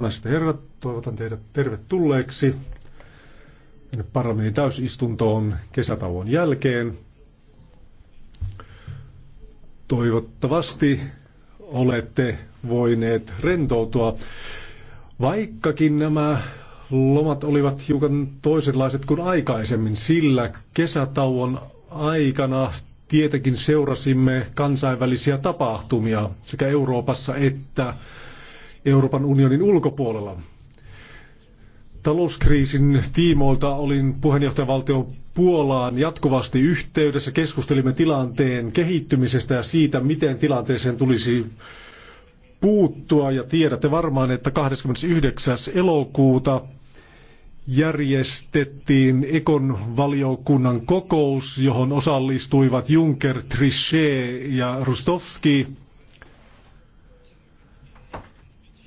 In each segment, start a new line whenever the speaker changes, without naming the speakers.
naiset herrat, toivotan teidät tervetulleeksi parlamentin täysistuntoon kesätauon jälkeen. Toivottavasti olette voineet rentoutua, vaikkakin nämä lomat olivat hiukan toisenlaiset kuin aikaisemmin, sillä kesätauon aikana tietenkin seurasimme kansainvälisiä tapahtumia sekä Euroopassa että Euroopan unionin ulkopuolella. Talouskriisin tiimoilta olin puheenjohtajavaltio Puolaan jatkuvasti yhteydessä. Keskustelimme tilanteen kehittymisestä ja siitä, miten tilanteeseen tulisi puuttua. Ja tiedätte varmaan, että 29. elokuuta järjestettiin Ekon valiokunnan kokous, johon osallistuivat Juncker, Trichet ja Rustovski.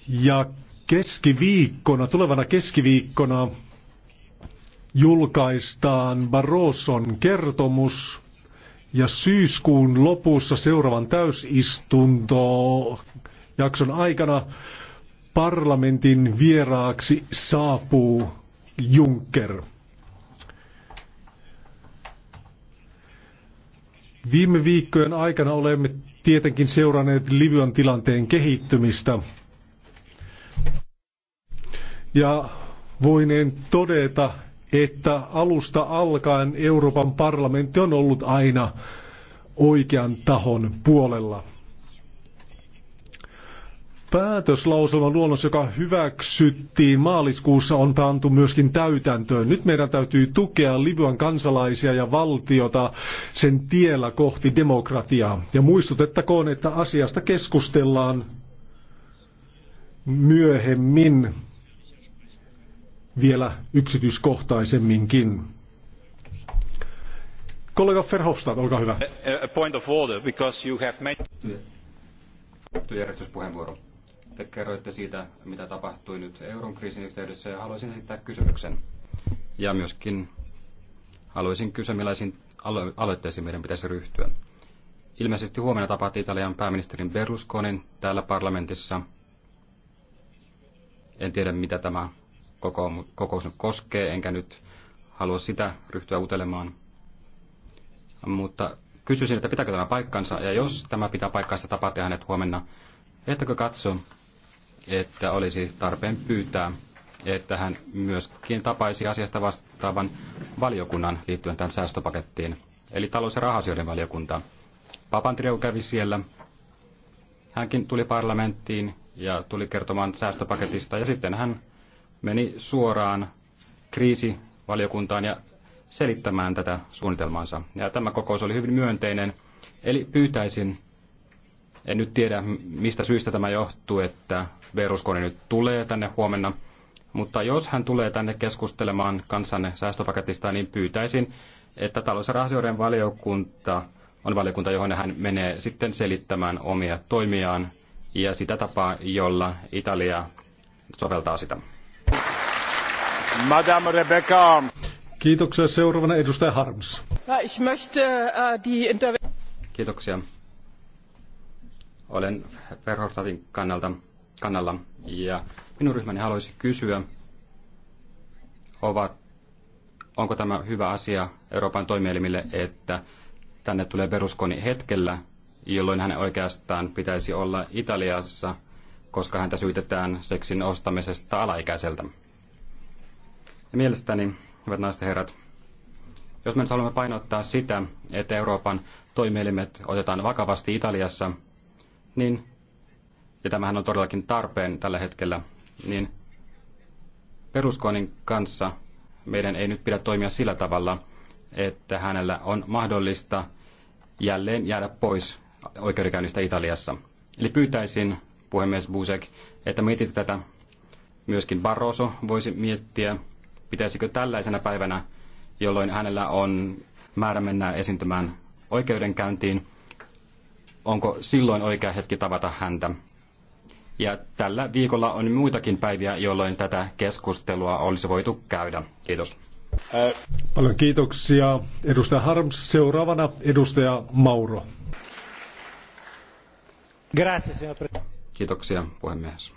Ja keskiviikkona, tulevana keskiviikkona julkaistaan Barroson kertomus ja syyskuun lopussa seuraavan täysistunto jakson aikana parlamentin vieraaksi saapuu Juncker. Viime viikkojen aikana olemme tietenkin seuranneet Livyan tilanteen kehittymistä. Ja voineen todeta, että alusta alkaen Euroopan parlamentti on ollut aina oikean tahon puolella. Päätöslauselman luonnos, joka hyväksyttiin maaliskuussa, on pantu myöskin täytäntöön. Nyt meidän täytyy tukea Libyan kansalaisia ja valtiota sen tiellä kohti demokratiaa. Ja muistutettakoon, että asiasta keskustellaan myöhemmin vielä yksityiskohtaisemminkin. Kollega Verhofstadt, olkaa hyvä.
A, point of order, because you have made... Te kerroitte siitä, mitä tapahtui nyt euron kriisin yhteydessä ja haluaisin esittää kysymyksen. Ja myöskin haluaisin kysyä, millaisiin alo- aloitteisiin meidän pitäisi ryhtyä. Ilmeisesti huomenna tapaat Italian pääministerin Berlusconin täällä parlamentissa. En tiedä, mitä tämä kokous nyt koskee, enkä nyt halua sitä ryhtyä utelemaan. Mutta kysyisin, että pitääkö tämä paikkansa, ja jos tämä pitää paikkansa, tapaatte hänet huomenna. Ettäkö katso, että olisi tarpeen pyytää, että hän myöskin tapaisi asiasta vastaavan valiokunnan liittyen tämän säästöpakettiin, eli talous- ja rahasioiden valiokunta. Papandreou kävi siellä, hänkin tuli parlamenttiin ja tuli kertomaan säästöpaketista, ja sitten hän meni suoraan kriisivaliokuntaan ja selittämään tätä suunnitelmaansa. Ja tämä kokous oli hyvin myönteinen. Eli pyytäisin, en nyt tiedä mistä syystä tämä johtuu, että Berlusconi nyt tulee tänne huomenna, mutta jos hän tulee tänne keskustelemaan kansanne säästöpaketista, niin pyytäisin, että talous- ja rahasioiden valiokunta on valiokunta, johon hän menee sitten selittämään omia toimiaan ja sitä tapaa, jolla Italia soveltaa sitä.
Madame Rebecca. Kiitoksia. Seuraavana edustaja Harms.
Ich möchte, uh, die Kiitoksia. Olen Verhofstadtin kannalta, kannalla ja minun ryhmäni haluaisi kysyä, ovat, onko tämä hyvä asia Euroopan toimielimille, että tänne tulee Berlusconi hetkellä, jolloin hän oikeastaan pitäisi olla Italiassa, koska häntä syytetään seksin ostamisesta alaikäiseltä. Ja mielestäni, hyvät naisten herrat, jos me nyt haluamme painottaa sitä, että Euroopan toimielimet otetaan vakavasti Italiassa, niin, ja tämähän on todellakin tarpeen tällä hetkellä, niin peruskonin kanssa meidän ei nyt pidä toimia sillä tavalla, että hänellä on mahdollista jälleen jäädä pois oikeudenkäynnistä Italiassa. Eli pyytäisin, puhemies Busek, että mietit tätä. Myöskin Barroso voisi miettiä pitäisikö tällaisena päivänä, jolloin hänellä on määrä mennä esiintymään oikeudenkäyntiin, onko silloin oikea hetki tavata häntä. Ja tällä viikolla on muitakin päiviä, jolloin tätä keskustelua olisi voitu käydä. Kiitos.
Paljon kiitoksia. Edustaja Harms, seuraavana edustaja Mauro.
Kiitoksia, puhemies.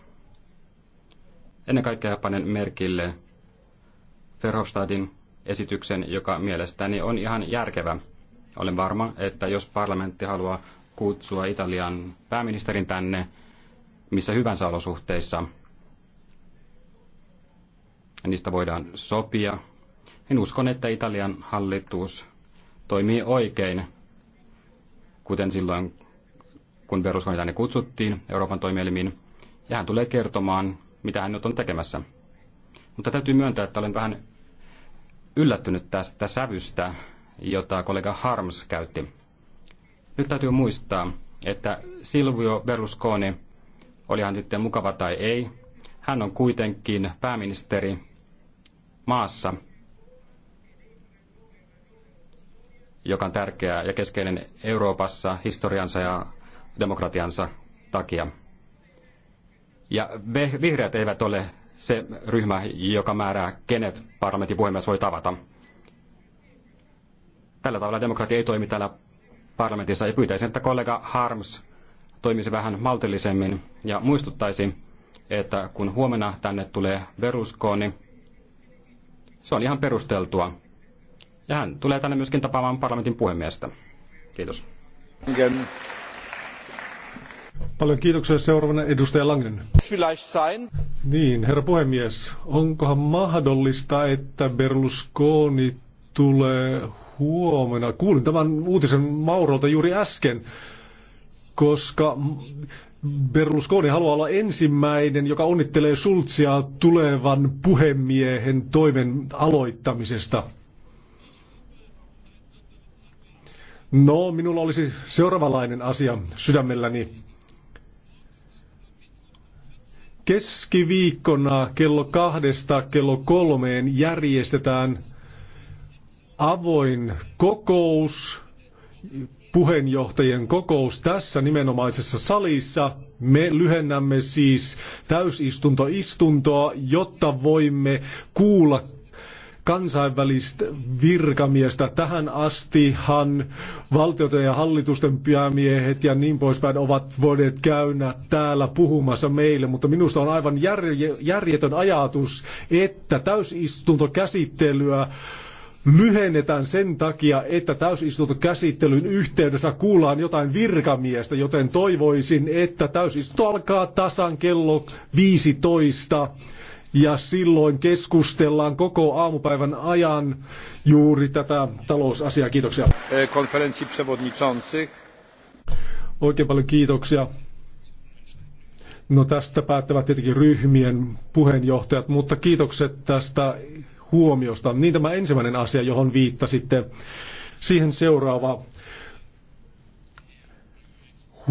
Ennen kaikkea panen merkille Verhofstadin esityksen, joka mielestäni on ihan järkevä. Olen varma, että jos parlamentti haluaa kutsua Italian pääministerin tänne missä hyvänsä olosuhteissa, niistä voidaan sopia. En uskon, että Italian hallitus toimii oikein, kuten silloin, kun Berlusconi tänne kutsuttiin Euroopan toimielimiin, ja hän tulee kertomaan, mitä hän nyt on tekemässä. Mutta täytyy myöntää, että olen vähän yllättynyt tästä sävystä, jota kollega Harms käytti. Nyt täytyy muistaa, että Silvio Berlusconi, oli hän sitten mukava tai ei, hän on kuitenkin pääministeri maassa, joka on tärkeä ja keskeinen Euroopassa historiansa ja demokratiansa takia. Ja vihreät eivät ole se ryhmä, joka määrää, kenet parlamentin puhemies voi tavata. Tällä tavalla demokratia ei toimi täällä parlamentissa ja pyytäisin, että kollega Harms toimisi vähän maltillisemmin ja muistuttaisi, että kun huomenna tänne tulee niin se on ihan perusteltua. Ja hän tulee tänne myöskin tapaamaan parlamentin puhemiestä. Kiitos.
Paljon kiitoksia. Seuraavana edustaja Langen. Niin, herra puhemies, onkohan mahdollista, että Berlusconi tulee huomenna? Kuulin tämän uutisen Maurolta juuri äsken, koska Berlusconi haluaa olla ensimmäinen, joka onnittelee Sultsia tulevan puhemiehen toimen aloittamisesta. No, minulla olisi seuraavanlainen asia sydämelläni. Keskiviikkona kello kahdesta kello kolmeen järjestetään avoin kokous, puheenjohtajien kokous tässä nimenomaisessa salissa. Me lyhennämme siis täysistuntoistuntoa, jotta voimme kuulla kansainvälistä virkamiestä. Tähän astihan valtioiden ja hallitusten päämiehet ja niin poispäin ovat voineet käydä täällä puhumassa meille, mutta minusta on aivan järjetön ajatus, että täysistuntokäsittelyä lyhennetään sen takia, että täysistuntokäsittelyn yhteydessä kuullaan jotain virkamiestä, joten toivoisin, että täysistunto alkaa tasan kello 15 ja silloin keskustellaan koko aamupäivän ajan juuri tätä talousasiaa. Kiitoksia. E, Konferenssi przewodniczących. Oikein paljon kiitoksia. No tästä päättävät tietenkin ryhmien puheenjohtajat, mutta kiitokset tästä huomiosta. Niin tämä ensimmäinen asia, johon viittasitte, siihen seuraava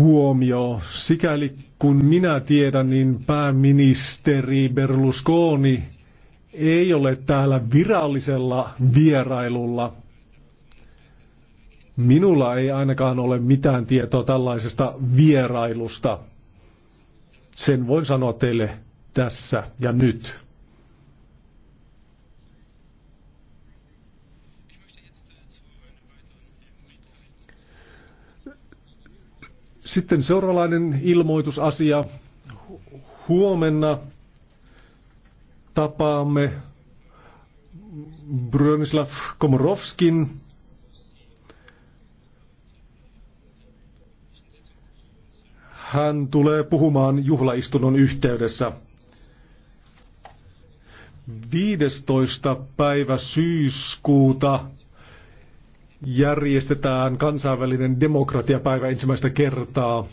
huomio. Sikäli kun minä tiedän, niin pääministeri Berlusconi ei ole täällä virallisella vierailulla. Minulla ei ainakaan ole mitään tietoa tällaisesta vierailusta. Sen voin sanoa teille tässä ja nyt. Sitten seuraavalainen ilmoitusasia. Huomenna tapaamme Bronislav Komorovskin. Hän tulee puhumaan juhlaistunnon yhteydessä. 15. päivä syyskuuta järjestetään kansainvälinen demokratiapäivä ensimmäistä kertaa,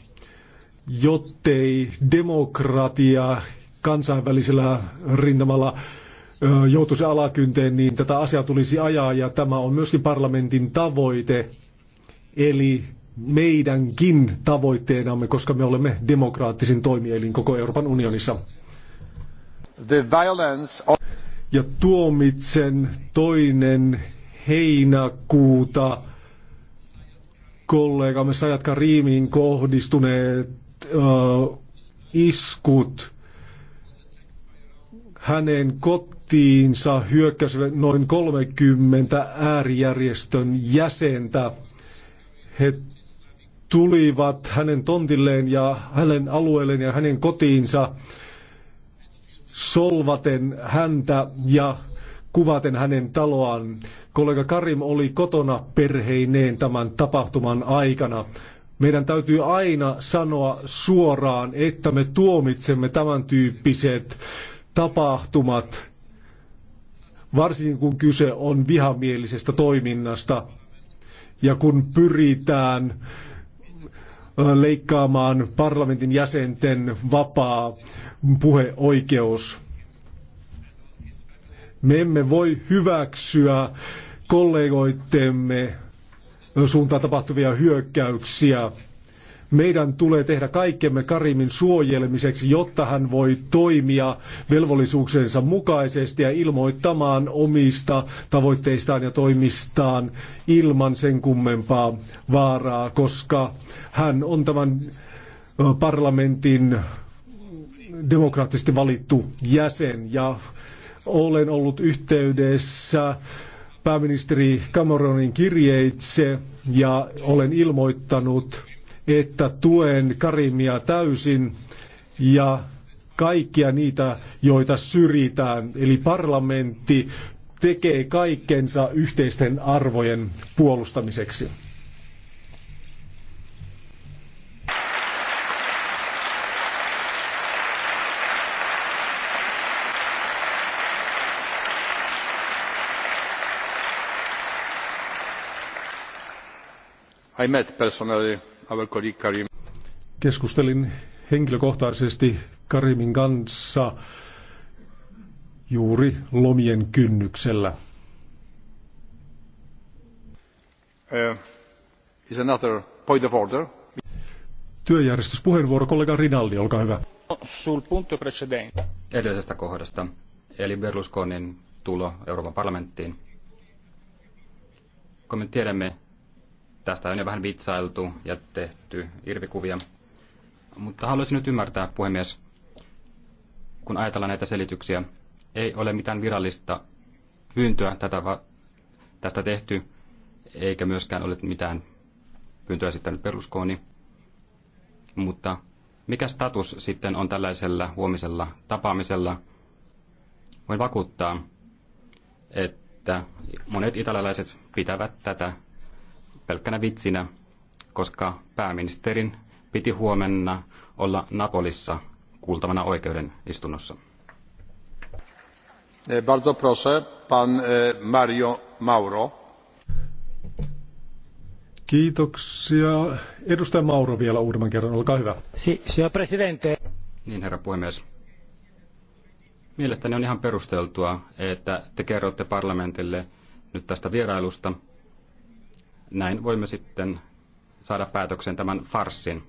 jottei demokratia kansainvälisellä rintamalla joutuisi alakynteen, niin tätä asiaa tulisi ajaa ja tämä on myöskin parlamentin tavoite, eli meidänkin tavoitteenamme, koska me olemme demokraattisin toimielin koko Euroopan unionissa. The violence Ja tuomitsen toinen heinäkuuta kollegamme Sajat Karimiin kohdistuneet uh, iskut hänen kotiinsa hyökkäsivät noin 30 äärijärjestön jäsentä. He tulivat hänen tontilleen ja hänen alueelleen ja hänen kotiinsa solvaten häntä ja kuvaten hänen taloaan. Kollega Karim oli kotona perheineen tämän tapahtuman aikana. Meidän täytyy aina sanoa suoraan, että me tuomitsemme tämän tyyppiset tapahtumat, varsinkin kun kyse on vihamielisestä toiminnasta ja kun pyritään leikkaamaan parlamentin jäsenten vapaa puheoikeus. Me emme voi hyväksyä kollegoittemme suuntaan tapahtuvia hyökkäyksiä. Meidän tulee tehdä kaikkemme Karimin suojelemiseksi, jotta hän voi toimia velvollisuuksensa mukaisesti ja ilmoittamaan omista tavoitteistaan ja toimistaan ilman sen kummempaa vaaraa, koska hän on tämän parlamentin demokraattisesti valittu jäsen ja olen ollut yhteydessä pääministeri Cameronin kirjeitse ja olen ilmoittanut, että tuen Karimia täysin ja kaikkia niitä, joita syrjitään. Eli parlamentti tekee kaikkensa yhteisten arvojen puolustamiseksi. I met personally our colleague Karim. Keskustelin henkilökohtaisesti Karimin kanssa juuri lomien kynnyksellä.
Uh, is another point of order.
Työjärjestyspuheenvuoro kollega Rinaldi, olkaa hyvä.
Sul punto precedente. Edellisestä kohdasta, eli Berlusconin tulo Euroopan parlamenttiin. Kun me tiedämme, Tästä on jo vähän vitsailtu ja tehty irvikuvia. Mutta haluaisin nyt ymmärtää, puhemies, kun ajatellaan näitä selityksiä, ei ole mitään virallista pyyntöä tätä tästä tehty, eikä myöskään ole mitään pyyntöä esittänyt peruskooni. Mutta mikä status sitten on tällaisella huomisella tapaamisella? Voin vakuuttaa, että monet italialaiset pitävät tätä pelkkänä vitsinä, koska pääministerin piti huomenna olla Napolissa kuultavana oikeuden istunnossa.
Eh, bardzo proszę, pan eh, Mario Mauro. Kiitoksia. Edustaja Mauro vielä uudemman kerran,
olkaa hyvä. Si, signor presidente. Niin, herra puhemies. Mielestäni on ihan perusteltua, että te kerrotte parlamentille nyt tästä vierailusta – näin voimme sitten saada päätöksen tämän farssin.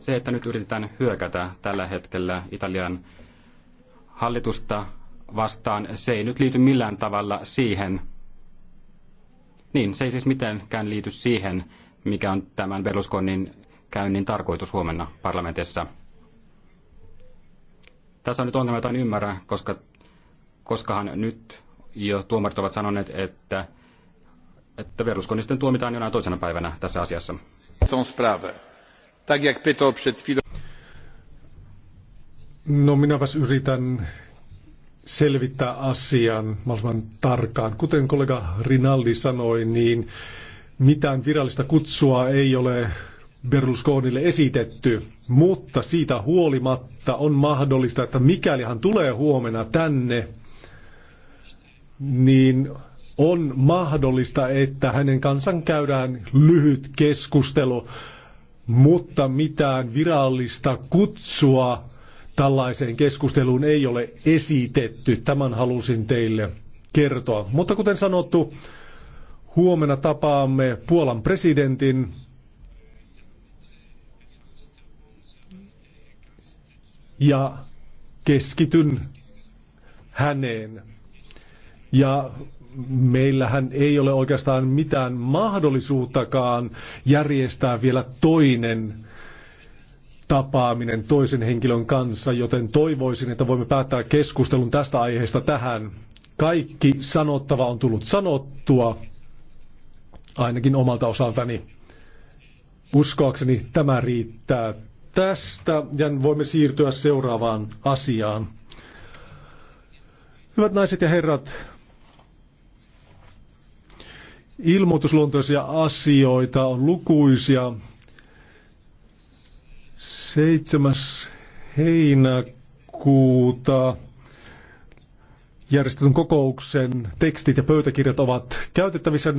Se, että nyt yritetään hyökätä tällä hetkellä Italian hallitusta vastaan, se ei nyt liity millään tavalla siihen, niin se ei siis mitenkään liity siihen, mikä on tämän Berlusconin käynnin tarkoitus huomenna parlamentissa. Tässä on nyt ongelma, jota en ymmärrä, koska, koskahan nyt jo tuomarit ovat sanoneet, että että Berlusconi sitten tuomitaan jonain toisena päivänä tässä asiassa.
No minäpäs yritän selvittää asian mahdollisimman tarkkaan. Kuten kollega Rinaldi sanoi, niin mitään virallista kutsua ei ole Berlusconille esitetty, mutta siitä huolimatta on mahdollista, että mikäli hän tulee huomenna tänne, niin on mahdollista, että hänen kanssaan käydään lyhyt keskustelu, mutta mitään virallista kutsua tällaiseen keskusteluun ei ole esitetty. Tämän halusin teille kertoa. Mutta kuten sanottu, huomenna tapaamme Puolan presidentin. Ja keskityn häneen. Ja meillähän ei ole oikeastaan mitään mahdollisuuttakaan järjestää vielä toinen tapaaminen toisen henkilön kanssa, joten toivoisin, että voimme päättää keskustelun tästä aiheesta tähän. Kaikki sanottava on tullut sanottua, ainakin omalta osaltani. Uskoakseni tämä riittää tästä ja voimme siirtyä seuraavaan asiaan. Hyvät naiset ja herrat, Ilmoitusluontoisia asioita on lukuisia. 7. heinäkuuta järjestetyn kokouksen tekstit ja pöytäkirjat ovat käytettävissä.